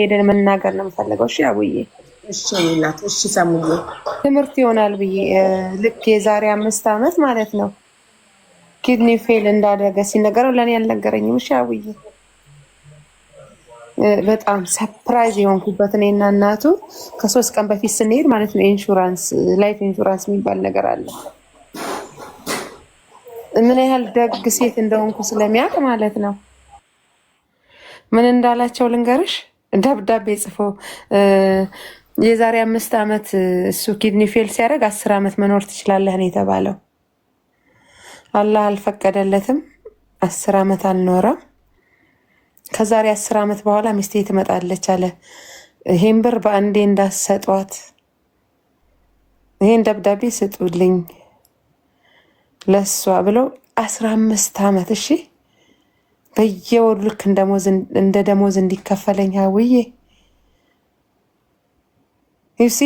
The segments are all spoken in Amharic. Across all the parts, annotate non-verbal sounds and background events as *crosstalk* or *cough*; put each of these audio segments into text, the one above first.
ሄደን መናገር ነው የምፈልገው። እሺ አቡዬ፣ እሺ እናት፣ እሺ ሰሙዬ፣ ትምህርት ይሆናል ብዬ ልክ የዛሬ አምስት አመት ማለት ነው ኪድኒ ፌል እንዳደረገ ሲነገረው ለእኔ ያልነገረኝም። እሺ አቡዬ፣ በጣም ሰፕራይዝ የሆንኩበት እኔና እናቱ ከሶስት ቀን በፊት ስንሄድ ማለት ነው ኢንሹራንስ ላይፍ ኢንሹራንስ የሚባል ነገር አለ። ምን ያህል ደግ ሴት እንደሆንኩ ስለሚያውቅ ማለት ነው ምን እንዳላቸው ልንገርሽ ደብዳቤ ጽፎ የዛሬ አምስት ዓመት እሱ ኪድኒ ፌል ሲያደርግ አስር ዓመት መኖር ትችላለህ ነው የተባለው። አላህ አልፈቀደለትም። አስር ዓመት አልኖረም። ከዛሬ አስር ዓመት በኋላ ሚስቴ ትመጣለች አለ። ይሄን ብር በአንዴ እንዳሰጧት፣ ይሄን ደብዳቤ ስጡልኝ ለሷ ብለው አስራ አምስት ዓመት እሺ በየወሩ ልክ እንደ ደሞዝ እንዲከፈለኝ ሀውዬ ዩሲ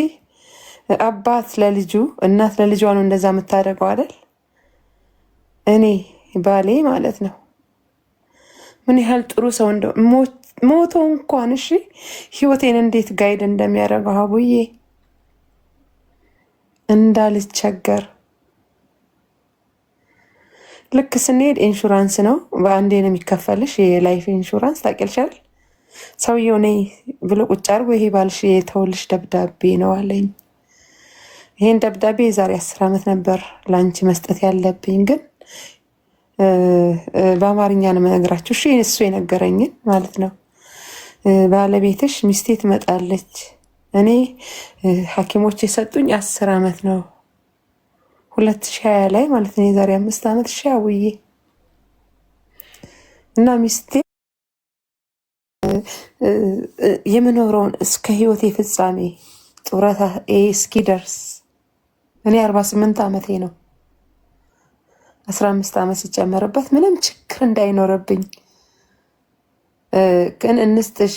አባት ለልጁ እናት ለልጇ ነው እንደዛ የምታደርገው አይደል? እኔ ባሌ ማለት ነው። ምን ያህል ጥሩ ሰው እንደ ሞቶ እንኳን እሺ፣ ህይወቴን እንዴት ጋይድ እንደሚያደርገው ውዬ እንዳልቸገር ልክ ስንሄድ ኢንሹራንስ ነው በአንዴ ነው የሚከፈልሽ። የላይፍ ኢንሹራንስ ታቅልሻል። ሰውየው ነይ ብሎ ቁጭ አርጎ ይሄ ባልሽ የተውልሽ ደብዳቤ ነው አለኝ። ይህን ደብዳቤ የዛሬ አስር ዓመት ነበር ለአንቺ መስጠት ያለብኝ ግን በአማርኛ ነው መነግራችሁ። እሺ እሱ የነገረኝን ማለት ነው። ባለቤትሽ ሚስቴ ትመጣለች። እኔ ሐኪሞች የሰጡኝ አስር ዓመት ነው ሁለት ሺህ ሀያ ላይ ማለት ነው የዛሬ አምስት ዓመት ሺ አውዬ እና ሚስቴ የምኖረውን እስከ ህይወቴ ፍጻሜ ጡረታ እስኪደርስ እኔ አርባ ስምንት ዓመቴ ነው። አስራ አምስት ዓመት ሲጨመርበት ምንም ችግር እንዳይኖረብኝ ግን እንስጥሽ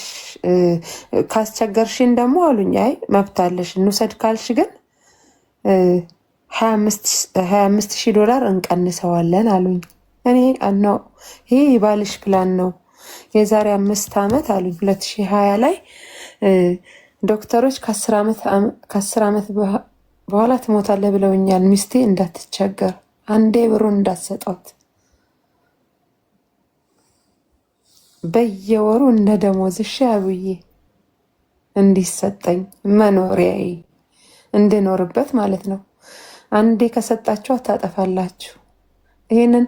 ካስቸገርሽን ደግሞ አሉኝ። አይ መብታለሽ እንውሰድ ካልሽ ግን ሀያ አምስት ሺህ ዶላር እንቀንሰዋለን አሉኝ። እኔ ነው ይሄ የባልሽ ፕላን ነው የዛሬ አምስት ዓመት አሉኝ። ሁለት ሺህ ሀያ ላይ ዶክተሮች ከአስር ዓመት በኋላ ትሞታለህ ብለውኛል። ሚስቴ እንዳትቸገር አንዴ ብሩን እንዳትሰጧት በየወሩ እንደ ደሞዝሽ አብዬ እንዲሰጠኝ መኖሪያዬ እንድኖርበት ማለት ነው። አንዴ ከሰጣችሁ አታጠፋላችሁ። ይህንን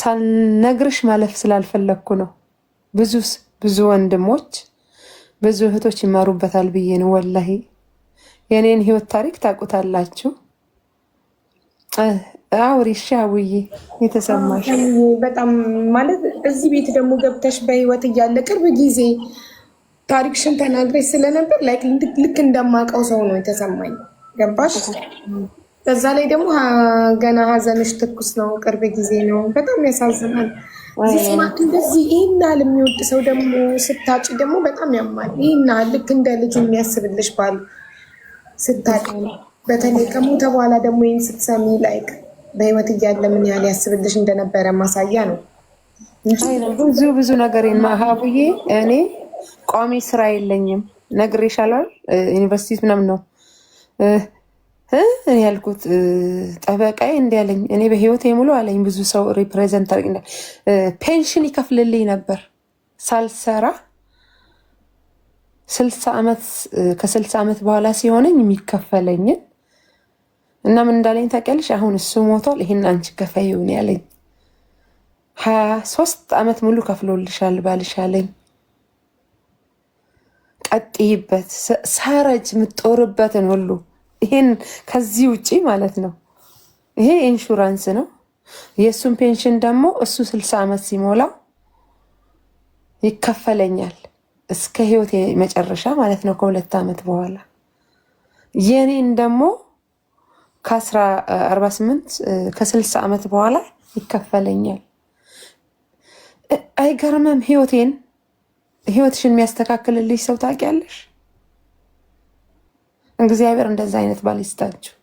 ሳልነግርሽ ማለፍ ስላልፈለግኩ ነው። ብዙ ብዙ ወንድሞች ብዙ እህቶች ይማሩበታል ብዬ ነው። ወላሂ የእኔን ህይወት ታሪክ ታውቁታላችሁ። አውሪ እሺ። አውዬ የተሰማሽ በጣም ማለት እዚህ ቤት ደግሞ ገብተሽ በህይወት እያለ ቅርብ ጊዜ ታሪክሽን ተናግረሽ ስለነበር ልክ እንደማውቀው ሰው ነው የተሰማኝ። ገባሽ? በዛ ላይ ደግሞ ገና ሀዘንሽ ትኩስ ነው፣ ቅርብ ጊዜ ነው። በጣም ያሳዝናል። እንደዚህ ይህን የሚወድ ሰው ደግሞ ስታጭ ደግሞ በጣም ያማል። ይህና ልክ እንደ ልጅ የሚያስብልሽ ባል ስታጭ፣ በተለይ ከሞተ በኋላ ደግሞ ይህን ስትሰሚ ላይክ በህይወት እያለ ምን ያህል ያስብልሽ እንደነበረ ማሳያ ነው። ብዙ ብዙ ነገር ማሀቡዬ እኔ ቋሚ ስራ የለኝም ነግሬሻለሁ። ዩኒቨርሲቲ ምናምን ነው እኔ ያልኩት ጠበቃዬ እንዲያለኝ እኔ በህይወት ሙሉ አለኝ። ብዙ ሰው ሪፕሬዘንት አርግና ፔንሽን ይከፍልልኝ ነበር ሳልሰራ ስልሳ ዓመት ከስልሳ ዓመት በኋላ ሲሆነኝ የሚከፈለኝን እና ምን እንዳለኝ ታውቂያለሽ? አሁን እሱ ሞቷል፣ ይህን አንቺ ከፈይውን ያለኝ። ሀያ ሶስት ዓመት ሙሉ ከፍሎልሻል ባልሽ አለኝ። ቀጥይበት፣ ሳረጅ የምትጦርበትን ሁሉ ይሄን ከዚህ ውጪ ማለት ነው። ይሄ ኢንሹራንስ ነው። የእሱን ፔንሽን ደግሞ እሱ ስልሳ ዓመት ሲሞላው ይከፈለኛል እስከ ህይወት መጨረሻ ማለት ነው። ከሁለት ዓመት በኋላ የኔን ደግሞ ከ48 ከ ከስልሳ ዓመት በኋላ ይከፈለኛል። አይገርምም? ህይወቴን ህይወትሽን የሚያስተካክልልሽ ሰው ታውቂያለሽ? እግዚአብሔር እንደዛ አይነት ባል ይስጣችሁ።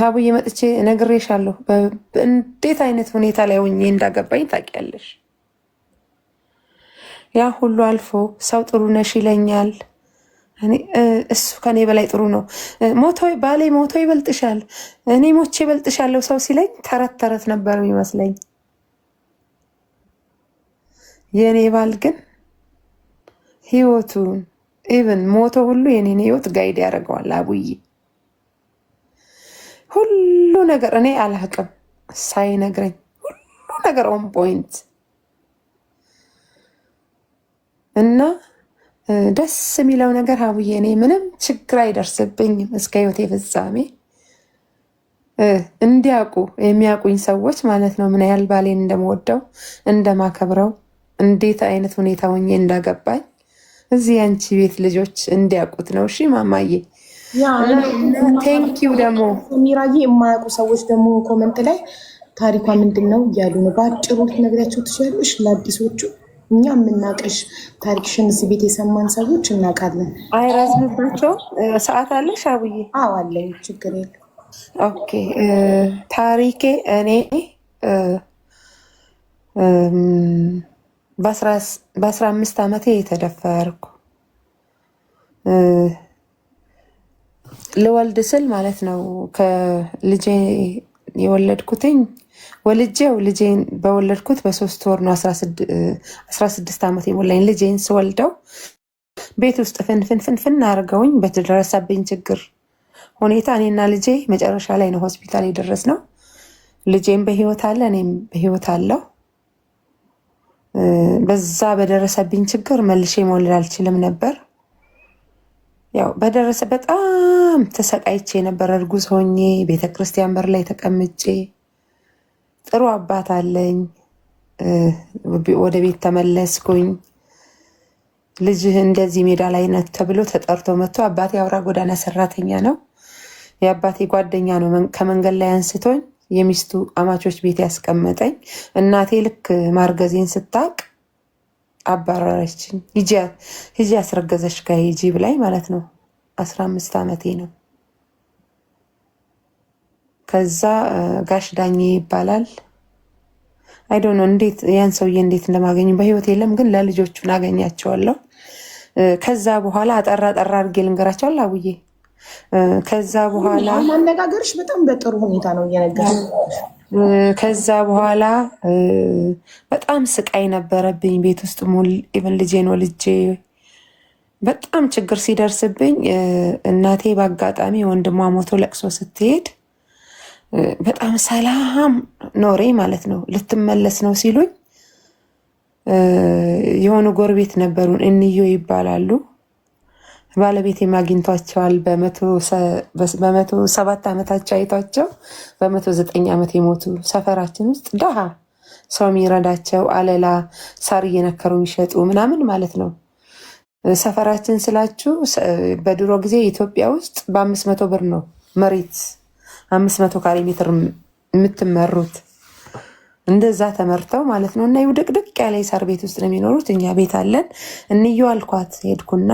ሀቡዬ መጥቼ ነግሬሻለሁ። እንዴት አይነት ሁኔታ ላይ ሆኜ እንዳገባኝ ታውቂያለሽ። ያ ሁሉ አልፎ ሰው ጥሩ ነሽ ይለኛል። እሱ ከኔ በላይ ጥሩ ነው። ሞቶ ባሌ ሞቶ ይበልጥሻል፣ እኔ ሞቼ ይበልጥሻለሁ ሰው ሲለኝ ተረት ተረት ነበር ይመስለኝ። የእኔ ባል ግን ህይወቱን ኢቨን ሞቶ ሁሉ የኔን ህይወት ጋይድ ያደርገዋል። አቡዬ ሁሉ ነገር እኔ አላቅም ሳይነግረኝ ሁሉ ነገር ኦን ፖይንት እና ደስ የሚለው ነገር አቡዬ እኔ ምንም ችግር አይደርስብኝም እስከ ህይወቴ ፍጻሜ። እንዲያውቁ የሚያውቁኝ ሰዎች ማለት ነው ምን ያህል ባሌን እንደምወደው እንደማከብረው፣ እንዴት አይነት ሁኔታ ሆኜ እንዳገባኝ እዚህ አንቺ ቤት ልጆች እንዲያውቁት ነው። እሺ ማማዬ ቴንኪው። ደግሞ ሚራዬ የማያውቁ ሰዎች ደግሞ ኮመንት ላይ ታሪኳ ምንድን ነው እያሉ ነው። በአጭሩ ነግሪያቸው ትችላለሽ ለአዲሶቹ። እኛ የምናቀሽ ታሪክሽን እዚህ ቤት የሰማን ሰዎች እናውቃለን። አይራዝምባቸው ሰዓት አለሽ አብዬ? አዎ አለኝ፣ ችግር የለም። ኦኬ ታሪኬ እኔ በአስራ አምስት ዓመቴ የተደፈርኩ ልወልድ ስል ማለት ነው። ከልጄ የወለድኩትኝ ወልጄው ልጄን በወለድኩት በሶስት ወር ነው። አስራ ስድስት ዓመት የሞላኝ ልጄን ስወልደው ቤት ውስጥ ፍንፍንፍንፍን አድርገውኝ በተደረሰብኝ ችግር ሁኔታ እኔና ልጄ መጨረሻ ላይ ነው ሆስፒታል የደረስነው። ልጄም በህይወት አለ፣ እኔም በህይወት አለው። በዛ በደረሰብኝ ችግር መልሼ መውለድ አልችልም ነበር። ያው በደረሰ በጣም ተሰቃይቼ የነበረ እርጉዝ ሆኜ ቤተ ክርስቲያን በር ላይ ተቀምጬ ጥሩ አባት አለኝ። ወደ ቤት ተመለስኩኝ። ልጅህ እንደዚህ ሜዳ ላይ ነህ ተብሎ ተጠርቶ መጥቶ አባቴ አውራ ጎዳና ሰራተኛ ነው። የአባቴ ጓደኛ ነው። ከመንገድ ላይ አንስቶኝ የሚስቱ አማቾች ቤት ያስቀመጠኝ። እናቴ ልክ ማርገዜን ስታቅ አባረረችኝ። ሂጂ አስረገዘች ጋ ሂጂ ብላኝ ማለት ነው። አስራ አምስት ዓመቴ ነው። ከዛ ጋሽ ዳኜ ይባላል አይዶኖ እንዴት ያን ሰውዬ እንዴት እንደማገኝ በህይወት የለም፣ ግን ለልጆቹን አገኛቸዋለሁ። ከዛ በኋላ አጠራ ጠራ አድርጌ ልንገራቸዋል አቡዬ ከዛ በኋላ ማነጋገርሽ በጣም በጥሩ ሁኔታ ነው እየነገር ከዛ በኋላ በጣም ስቃይ ነበረብኝ ቤት ውስጥ ሙል ኢቨን ልጄን ወልጄ በጣም ችግር ሲደርስብኝ እናቴ በአጋጣሚ ወንድሟ ሞቶ ለቅሶ ስትሄድ በጣም ሰላም ኖሬ ማለት ነው። ልትመለስ ነው ሲሉኝ የሆኑ ጎረቤት ነበሩን እንዮ ይባላሉ ባለቤት አግኝቷቸዋል። በመቶ ሰባት ዓመታቸው አይቷቸው በመቶ ዘጠኝ ዓመት የሞቱ ሰፈራችን ውስጥ ደሃ ሰው የሚረዳቸው አለላ ሳር እየነከሩ የሚሸጡ ምናምን ማለት ነው። ሰፈራችን ስላችሁ በድሮ ጊዜ ኢትዮጵያ ውስጥ በአምስት መቶ ብር ነው መሬት አምስት መቶ ካሬ ሜትር የምትመሩት እንደዛ ተመርተው ማለት ነው። እና ይውድቅድቅ ያለ የሳር ቤት ውስጥ ነው የሚኖሩት። እኛ ቤት አለን እንየው አልኳት ሄድኩና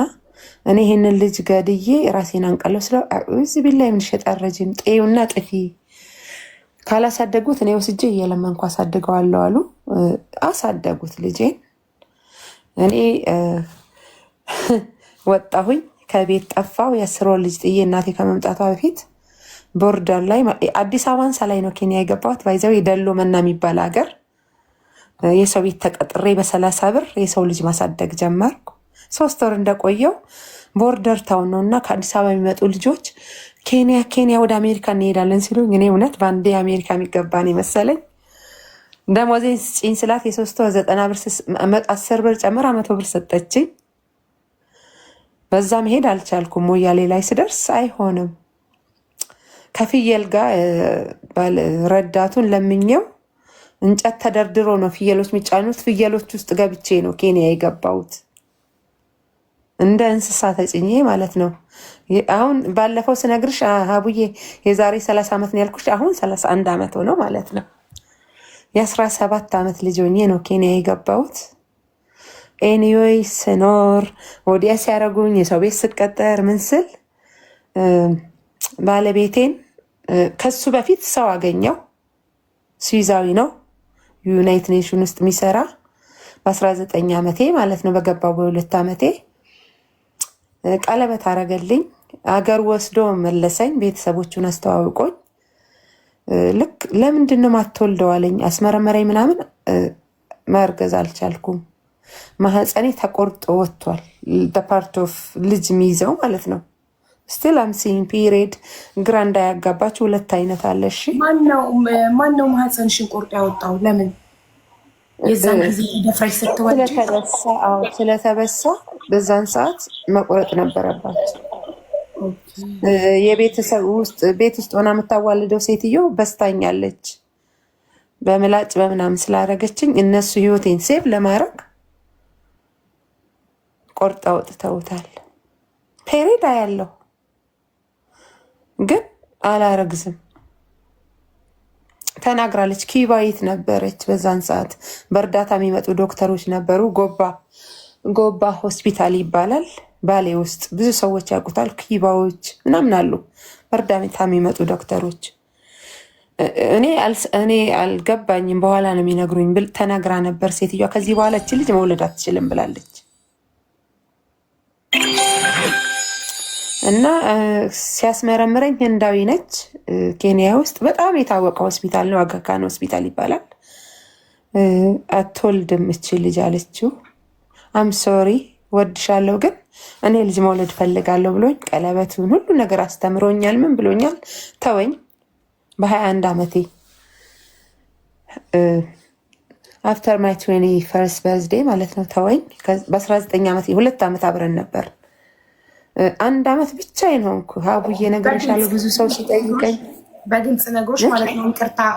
እኔ ይሄንን ልጅ ገድዬ ራሴን አንቀለው ስለ አዑዝ ቢላይ የምንሸጣን ረጅም ጤዩና ጥፊ ካላሳደጉት እኔ ወስጄ እየለመንኩ አሳድገዋለሁ አሉ። አሳደጉት ልጄን። እኔ ወጣሁኝ ከቤት ጠፋው። የአስር ወር ልጅ ጥዬ እናቴ ከመምጣቷ በፊት ቦርደር ላይ አዲስ አባንሳ ላይ ነው ኬንያ የገባሁት። ባይዘው የደሎ መና የሚባል ሀገር የሰው ቤት ተቀጥሬ በሰላሳ ብር የሰው ልጅ ማሳደግ ጀመርኩ። ሶስት ወር እንደቆየው ቦርደር ታውን ነው እና ከአዲስ አበባ የሚመጡ ልጆች ኬንያ ኬንያ ወደ አሜሪካ እንሄዳለን ሲሉ እኔ እውነት በአንዴ አሜሪካ የሚገባን የመሰለኝ ደሞዜን ስጪኝ ስላት የሶስት ወር ዘጠና ብር አስር ብር ጨምራ መቶ ብር ሰጠችኝ። በዛ መሄድ አልቻልኩም። ሞያሌ ላይ ስደርስ አይሆንም ከፍየል ጋር ረዳቱን ለምኘው እንጨት ተደርድሮ ነው ፍየሎች የሚጫኑት። ፍየሎች ውስጥ ገብቼ ነው ኬንያ የገባሁት። እንደ እንስሳ ተጭኜ ማለት ነው። አሁን ባለፈው ስነግርሽ ሀቡዬ የዛሬ ሰላሳ ዓመት ነው ያልኩሽ። አሁን ሰላሳ አንድ ዓመት ሆነው ማለት ነው። የአስራ ሰባት ዓመት ልጅ ሆኜ ነው ኬንያ የገባሁት። ኤኒዌይ ስኖር ወዲያ ሲያደርጉኝ የሰው ቤት ስቀጠር ምን ስል ባለቤቴን ከሱ በፊት ሰው አገኘው። ስዊዛዊ ነው ዩናይት ኔሽን ውስጥ የሚሰራ በ19 ዓመቴ ማለት ነው በገባው በሁለት ዓመቴ ቀለበት አረገልኝ። አገር ወስዶ መለሰኝ። ቤተሰቦቹን አስተዋውቆኝ ልክ ለምንድን ነው አለኝ። አስመረመረኝ ምናምን መርገዝ አልቻልኩም። ማህፀኔ ተቆርጦ ወጥቷል። ፓርት ኦፍ ልጅ የሚይዘው ማለት ነው። ስቲል አምሲን ፒሪድ ግራ እንዳያጋባችሁ ሁለት አይነት አለ። እሺ ማነው ማህፀንሽን ቆርጦ ያወጣው ለምን? የዛን ጊዜ ደፍራሽ ስትወልድ ስለተበሳ ስለተበሳ በዛን ሰዓት መቁረጥ ነበረባት። የቤተሰብ ውስጥ ቤት ውስጥ ሆና የምታዋልደው ሴትዮ በስታኛለች በምላጭ በምናምን ስላደረገችኝ እነሱ ህይወቴን ሴቭ ለማድረግ ቆርጣ ወጥተውታል። ፔሬዳ ያለው ግን አላረግዝም ተናግራለች። ኪባ የት ነበረች? በዛን ሰዓት በእርዳታ የሚመጡ ዶክተሮች ነበሩ። ጎባ ጎባ ሆስፒታል ይባላል ባሌ ውስጥ ብዙ ሰዎች ያውቁታል። ኪባዎች ምናምን አሉ፣ በእርዳታ የሚመጡ ዶክተሮች። እኔ እኔ አልገባኝም፣ በኋላ ነው የሚነግሩኝ። ተናግራ ነበር ሴትዮዋ። ከዚህ በኋላ ልጅ መውለድ አትችልም ብላለች። እና ሲያስመረምረኝ ህንዳዊ ነች። ኬንያ ውስጥ በጣም የታወቀ ሆስፒታል ነው፣ አጋካን ሆስፒታል ይባላል። አትወልድም እች ልጅ አለችው። አም ሶሪ ወድሻለሁ፣ ግን እኔ ልጅ መውለድ ፈልጋለሁ ብሎኝ ቀለበቱን ሁሉ ነገር አስተምሮኛል፣ ምን ብሎኛል፣ ተወኝ። በሀያ አንድ አመቴ አፍተር ማይ ትዌንቲ ፈርስት በርዝዴ ማለት ነው፣ ተወኝ። በአስራ ዘጠኝ ዓመቴ ሁለት ዓመት አብረን ነበር አንድ አመት ብቻዬን ሆንኩ። ሀቡዬ ነግሬሻለሁ። ብዙ ሰው ሲጠይቀኝ በግልጽ ነገሮች ማለት ነው።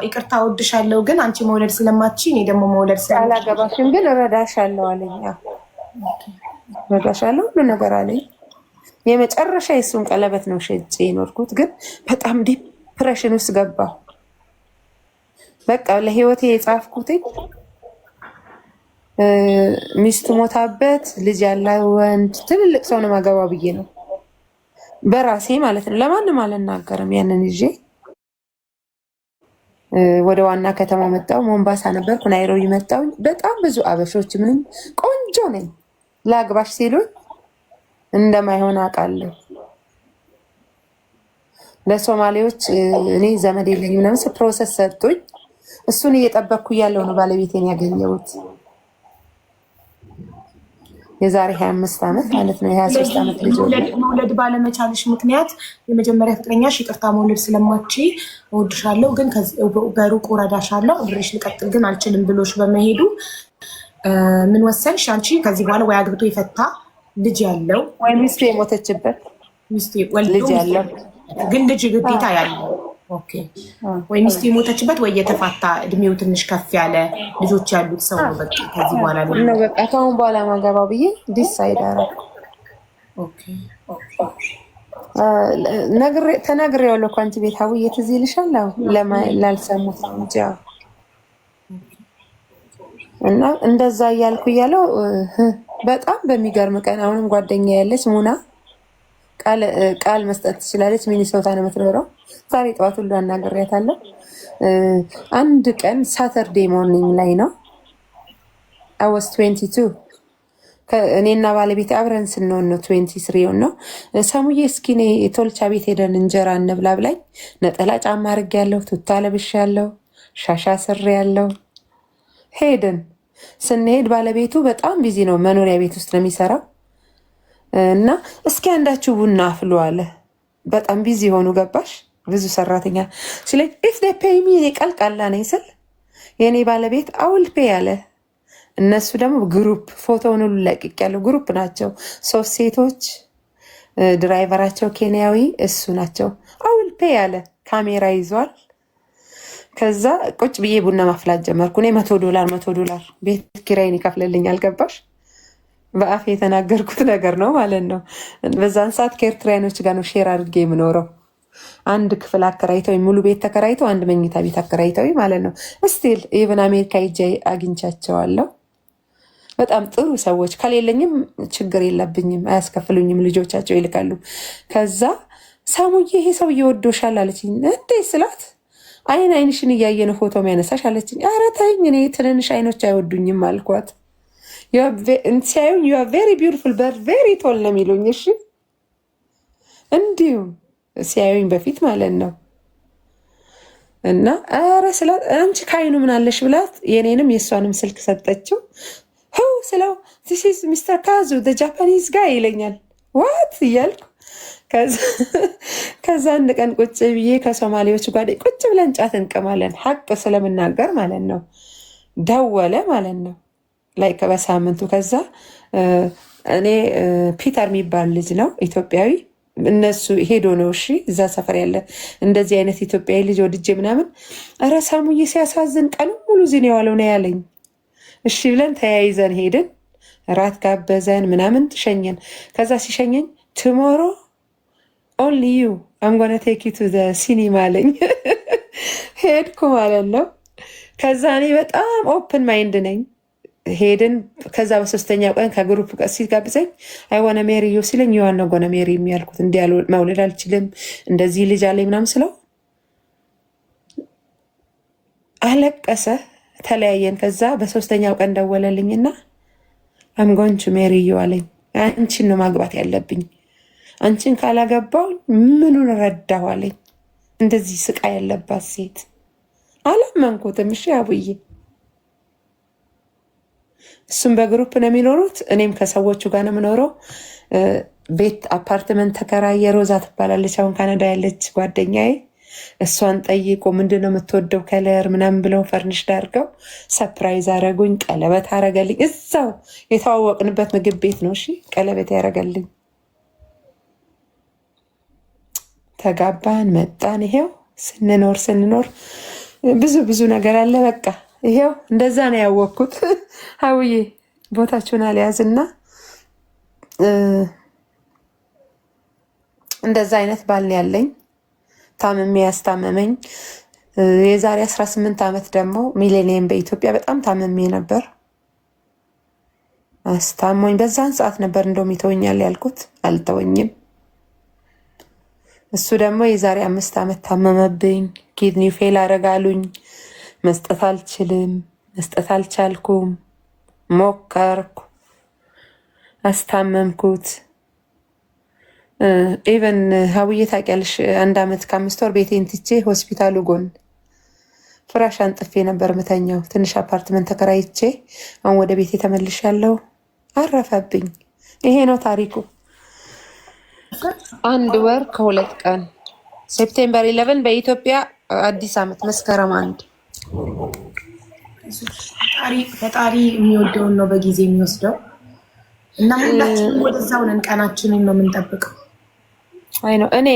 ይቅርታ እወድሻለሁ፣ ግን አንቺ መውለድ ስለማትች እኔ ደግሞ መውለድ ስለ አላገባሽም፣ ግን እረዳሻለሁ አለኝ። እረዳሻለሁ ሁሉ ነገር አለኝ። የመጨረሻ የእሱን ቀለበት ነው ሸጬ የኖርኩት፣ ግን በጣም ዲፕሬሽን ውስጥ ገባሁ። በቃ ለህይወቴ የጻፍኩትኝ ሚስቱ ሞታበት ልጅ ያለ ወንድ ትልልቅ ሰው ነው ማገባ ብዬ ነው በራሴ ማለት ነው። ለማንም አልናገርም። ያንን ይዤ ወደ ዋና ከተማ መጣው። ሞምባሳ ነበርኩ፣ ናይሮቢ መጣሁ። በጣም ብዙ አበሾች ምንም ቆንጆ ነኝ ላግባሽ ሲሉኝ እንደማይሆን አውቃለሁ። ለሶማሌዎች እኔ ዘመድ የለኝም ምናምን ፕሮሰስ ሰጡኝ። እሱን እየጠበቅኩ ያለው ነው ባለቤቴን ያገኘሁት። የዛሬ 25 ዓመት ማለት ነው። የ23 ዓመት ልጅ መውለድ ባለመቻልሽ ምክንያት የመጀመሪያ ፍቅረኛሽ ይቅርታ መውለድ ስለማች እወድሻለሁ፣ ግን በሩቅ ወረዳሻለሁ አብሬሽ ልቀጥል ግን አልችልም ብሎሽ በመሄዱ ምን ወሰንሽ አንቺ? ከዚህ በኋላ ወይ አግብቶ የፈታ ልጅ ያለው ወይ ሚስቱ የሞተችበት ሚስቱ ያለው ግን ልጅ ግዴታ ያለው ወይ ሚስቱ የሞተችበት ወይ የተፋታ እድሜው ትንሽ ከፍ ያለ ልጆች ያሉት ሰው ነው። በቃ ከዚህ በኋላ ነው በቃ ከአሁን በኋላ ማገባ ብዬ ዲሳይድ አደረኩ። ተናግሬዋለሁ እኮ አንቺ ቤት ሀቡ የትዝ ይልሻል ላልሰሙት ነው እንጂ እና እንደዛ እያልኩ እያለው በጣም በሚገርም ቀን አሁንም ጓደኛ ያለች ሙና ቃል መስጠት ትችላለች። ሚኒሶታ ነው የምትኖረው ዛሬ ጠዋት ሁሉ አናግሬያታለሁ። አንድ ቀን ሳተርዴ ሞርኒንግ ላይ ነው አወስ ትዌንቲ ቱ እኔና ባለቤት አብረን ስንሆን ነው ትዌንቲ ሆን ነው ሰሙዬ፣ እስኪ እኔ ቶልቻ ቤት ሄደን እንጀራ እንብላ ብላኝ፣ ነጠላ ጫማ ያለው ቱታ ያለው ሻሻ ያለው ሄድን ስንሄድ ባለቤቱ በጣም ቢዚ ነው፣ መኖሪያ ቤት ውስጥ ነው የሚሰራው እና እስኪ አንዳችሁ ቡና አፍሉ አለ። በጣም ቢዚ የሆኑ ገባሽ ብዙ ሰራተኛ ሲለኝ ኢፍ ፔይ ሚ እኔ ቀልቃላ ነኝ ስል የእኔ ባለቤት አውል ፔ ያለ እነሱ ደግሞ ግሩፕ ፎቶውን ሁሉ ለቅቅ ያለው ግሩፕ ናቸው። ሶስት ሴቶች ድራይቨራቸው ኬንያዊ እሱ ናቸው። አውል ፔ ያለ ካሜራ ይዟል። ከዛ ቁጭ ብዬ ቡና ማፍላት ጀመርኩ። እኔ መቶ ዶላር መቶ ዶላር ቤት ኪራይን ይከፍልልኝ አልገባሽ? በአፍ የተናገርኩት ነገር ነው ማለት ነው። በዛን ሰዓት ከኤርትራያኖች ጋር ነው ሼር አድርጌ የምኖረው። አንድ ክፍል አከራይተው ሙሉ ቤት ተከራይተው አንድ መኝታ ቤት አከራይተው ማለት ነው። ስቲል ኢቨን አሜሪካ ሄጄ አግኝቻቸዋለሁ። በጣም ጥሩ ሰዎች። ከሌለኝም ችግር የለብኝም አያስከፍሉኝም። ልጆቻቸው ይልካሉ። ከዛ ሳሙዬ ይሄ ሰው እየወዶሻል አለችኝ። እንዴ ስላት አይን አይንሽን እያየን ፎቶ የሚያነሳሽ አለችኝ። ኧረ ተይኝ፣ እኔ ትንንሽ አይኖች አይወዱኝም አልኳት። ሲያዩኝ ዩ አር ቬሪ ቢዩቲፉል በር ቬሪ ቶል ነው የሚሉኝ። እሺ እንዲሁም ሲያዩኝ በፊት ማለት ነው። እና ኧረ ስላት አንቺ ከአይኑ ምናለሽ ብላት የኔንም የእሷንም ስልክ ሰጠችው። ው ስለው ዚስ ኢዝ ሚስተር ካዙ ጃፓኒዝ ጋር ይለኛል። ዋት እያልኩ *laughs* ከዛ አንድ ቀን ቁጭ ብዬ ከሶማሌዎች ጓደ ቁጭ ብለን ጫት እንቅማለን። ሀቅ ስለምናገር ማለት ነው። ደወለ ማለት ነው ላይ በሳምንቱ ከዛ እኔ ፒተር የሚባል ልጅ ነው ኢትዮጵያዊ እነሱ ሄዶ ነው እሺ፣ እዛ ሰፈር ያለ እንደዚህ አይነት ኢትዮጵያዊ ልጅ ወድጄ ምናምን፣ ኧረ ሳሙዬ ሲያሳዝን ቀን ሙሉ እዚህ የዋለው ነው ያለኝ። እሺ ብለን ተያይዘን ሄድን፣ ራት ጋበዘን ምናምን ትሸኘን። ከዛ ሲሸኘኝ ትሞሮ ኦንሊ ዩ አምጎነ ቴክ ዩ ቱ ዘ ሲኒማ አለኝ። *laughs* ሄድኩ ማለት ነው። ከዛ እኔ በጣም ኦፕን ማይንድ ነኝ ሄድን። ከዛ በሶስተኛ ቀን ከግሩፕ ጋር ሲጋብዘኝ አይዋነ ሜሪ ዮ ሲለኝ የዋና ጎነ ሜሪ የሚያልኩት እንዲ መውለድ አልችልም እንደዚህ ልጅ አለኝ ምናምን ስለው አለቀሰ። ተለያየን። ከዛ በሶስተኛው ቀን ደወለልኝና አምጎንች ሜሪ ዮ አለኝ። አንቺን ነው ማግባት ያለብኝ፣ አንቺን ካላገባው ምኑን ረዳሁ አለኝ። እንደዚህ ስቃይ ያለባት ሴት አላመንኩትም። እሺ አቡዬ እሱም በግሩፕ ነው የሚኖሩት። እኔም ከሰዎቹ ጋር ነው የምኖረው። ቤት አፓርትመንት ተከራየ። ሮዛ ትባላለች፣ አሁን ካናዳ ያለች ጓደኛዬ። እሷን ጠይቆ ምንድን ነው የምትወደው ከለር ምናምን ብለው ፈርኒሽ ዳርገው ሰፕራይዝ አረጉኝ። ቀለበት አረገልኝ። እዛው የተዋወቅንበት ምግብ ቤት ነው። እሺ ቀለበት ያረገልኝ። ተጋባን፣ መጣን። ይሄው ስንኖር ስንኖር ብዙ ብዙ ነገር አለ በቃ ይሄው እንደዛ ነው ያወቅኩት። አውዬ *laughs* ቦታችሁን አልያዝና እንደዛ አይነት ባል ያለኝ። ታምሜ ያስታመመኝ የዛሬ 18 ዓመት ደግሞ ሚሌኒየም በኢትዮጵያ በጣም ታምሜ ነበር። አስታሞኝ በዛን ሰዓት ነበር እንደውም ይተወኛል ያልኩት፣ አልተወኝም። እሱ ደግሞ የዛሬ አምስት ዓመት ታመመብኝ። ኪድኒ ፌል አረጋሉኝ። መስጠት አልችልም፣ መስጠት አልቻልኩም፣ ሞከርኩ፣ አስታመምኩት። ኢቨን ሀውዬ ታውቂያለሽ፣ አንድ አመት ከአምስት ወር ቤቴን ትቼ ሆስፒታሉ ጎን ፍራሽ አንጥፌ ነበር ምተኛው። ትንሽ አፓርትመንት ተከራይቼ አሁን ወደ ቤቴ ተመልሻለሁ። አረፈብኝ። ይሄ ነው ታሪኩ። አንድ ወር ከሁለት ቀን ሴፕቴምበር ኢለቨን በኢትዮጵያ አዲስ አመት መስከረም አንድ ፈጣሪ የሚወደውን ነው በጊዜ የሚወስደው እና ሁላችንም ወደዛው ነን። ቀናችንን ነው የምንጠብቀው። አይ ነው እኔ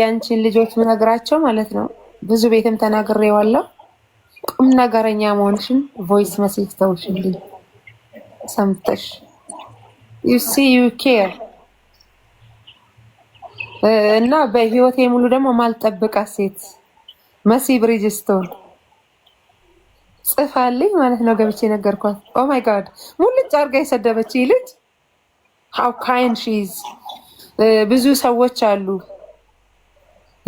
ያንቺን ልጆች ምነግራቸው ማለት ነው ብዙ ቤትም ተናግሬዋለሁ። ቁም ነገረኛ መሆንሽን ቮይስ መሴጅ ተውሽልኝ ሰምተሽ ዩ ሲ ዩ ኬር እና በህይወቴ ሙሉ ደግሞ ማልጠብቃት ሴት መሲ ብሪጅስቶን ጽፋልኝ ማለት ነው። ገብቼ ነገርኳት። ኦ ማይ ጋድ ሙልጭ አርጋ የሰደበች ልጅ ሃው ካይንድ ሺዝ ብዙ ሰዎች አሉ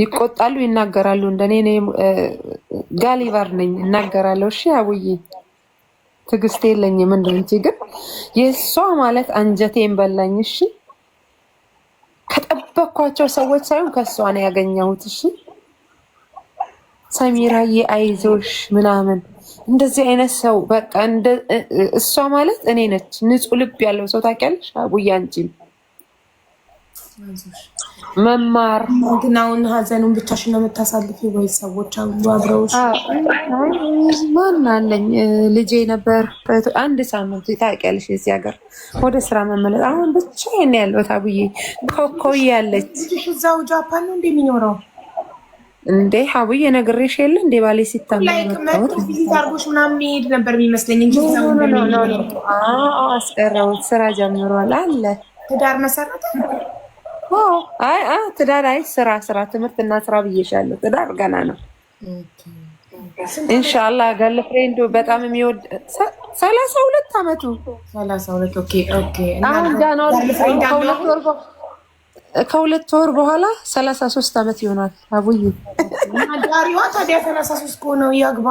ይቆጣሉ፣ ይናገራሉ። እንደኔ እኔ ጋሊቫር ነኝ፣ እናገራለሁ። እሺ አቡዬ ትግስት የለኝም እንደንቺ። ግን የእሷ ማለት አንጀቴን በላኝ። እሺ ከጠበኳቸው ሰዎች ሳይሆን ከእሷ ነው ያገኘሁት። እሺ ሰሚራዬ አይዞሽ ምናምን እንደዚህ አይነት ሰው በቃ እሷ ማለት እኔ ነች። ንጹህ ልብ ያለው ሰው ታውቂያለሽ። አቡዬ አንቺም መማር ግን አሁን ሀዘኑን ብቻሽን ነው የምታሳልፊ ወይ ሰዎች አሉ አብረውሽ? ማን አለኝ ልጄ ነበር አንድ ሳምንት ታውቂያለሽ፣ የዚህ ሀገር ወደ ስራ መመለጥ። አሁን ብቻ ነው ያለሁት አቡዬ። ኮኮ ያለች እዛው ጃፓን ነው እንደሚኖረው እንዴ ሀቡዬ ነግሬሽ የለ እንዴ ባሌ ሲታመጣወትፊት ምናምን ሄድ ነበር የሚመስለኝ አስቀረውት። ስራ ጀምሯል አለ ትዳር መሰረተ። አይ ትዳር አይ ስራ ስራ ትምህርት እና ስራ ብዬሻለሁ። ትዳር ገና ነው። እንሻላ ገል ፍሬንዱ በጣም የሚወድ ሰላሳ ሁለት አመቱ ሰላሳ ሁለት ኦኬ ኦኬ። አሁን ጋር ነው ከሁለት ወር ከሁለት ወር በኋላ ሰላሳ ሶስት አመት ይሆናል። አቡይ ዳሪዋ ታዲያ ሰላሳ ሶስት ከሆነ ያግባ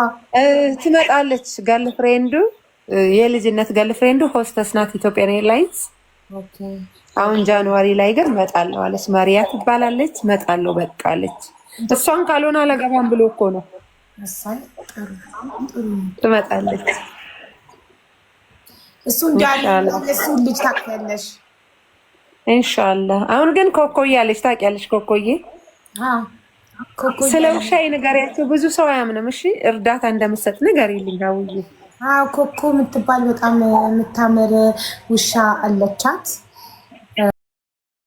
ትመጣለች። ጋል ፍሬንዱ የልጅነት ጋል ፍሬንዱ ሆስተስ ናት ኢትዮጵያን ኤርላይንስ። አሁን ጃንዋሪ ላይ ግን እመጣለሁ አለች። ማሪያ ትባላለች። እመጣለሁ በቃለች። እሷን ካልሆነ አላገባም ብሎ እኮ ነው። ትመጣለች። እሱ እንዳለ እሱን ልጅ ታክያለሽ እንሻላ አሁን ግን ኮኮ እያለች ታውቂያለሽ? ኮኮዬ ስለ ውሻዬ ንገሪያቸው። ብዙ ሰው አያምንም። እሺ እርዳታ እንደምሰጥ ንገሪልኝ። አውዬ ኮኮ የምትባል በጣም የምታምር ውሻ አለቻት።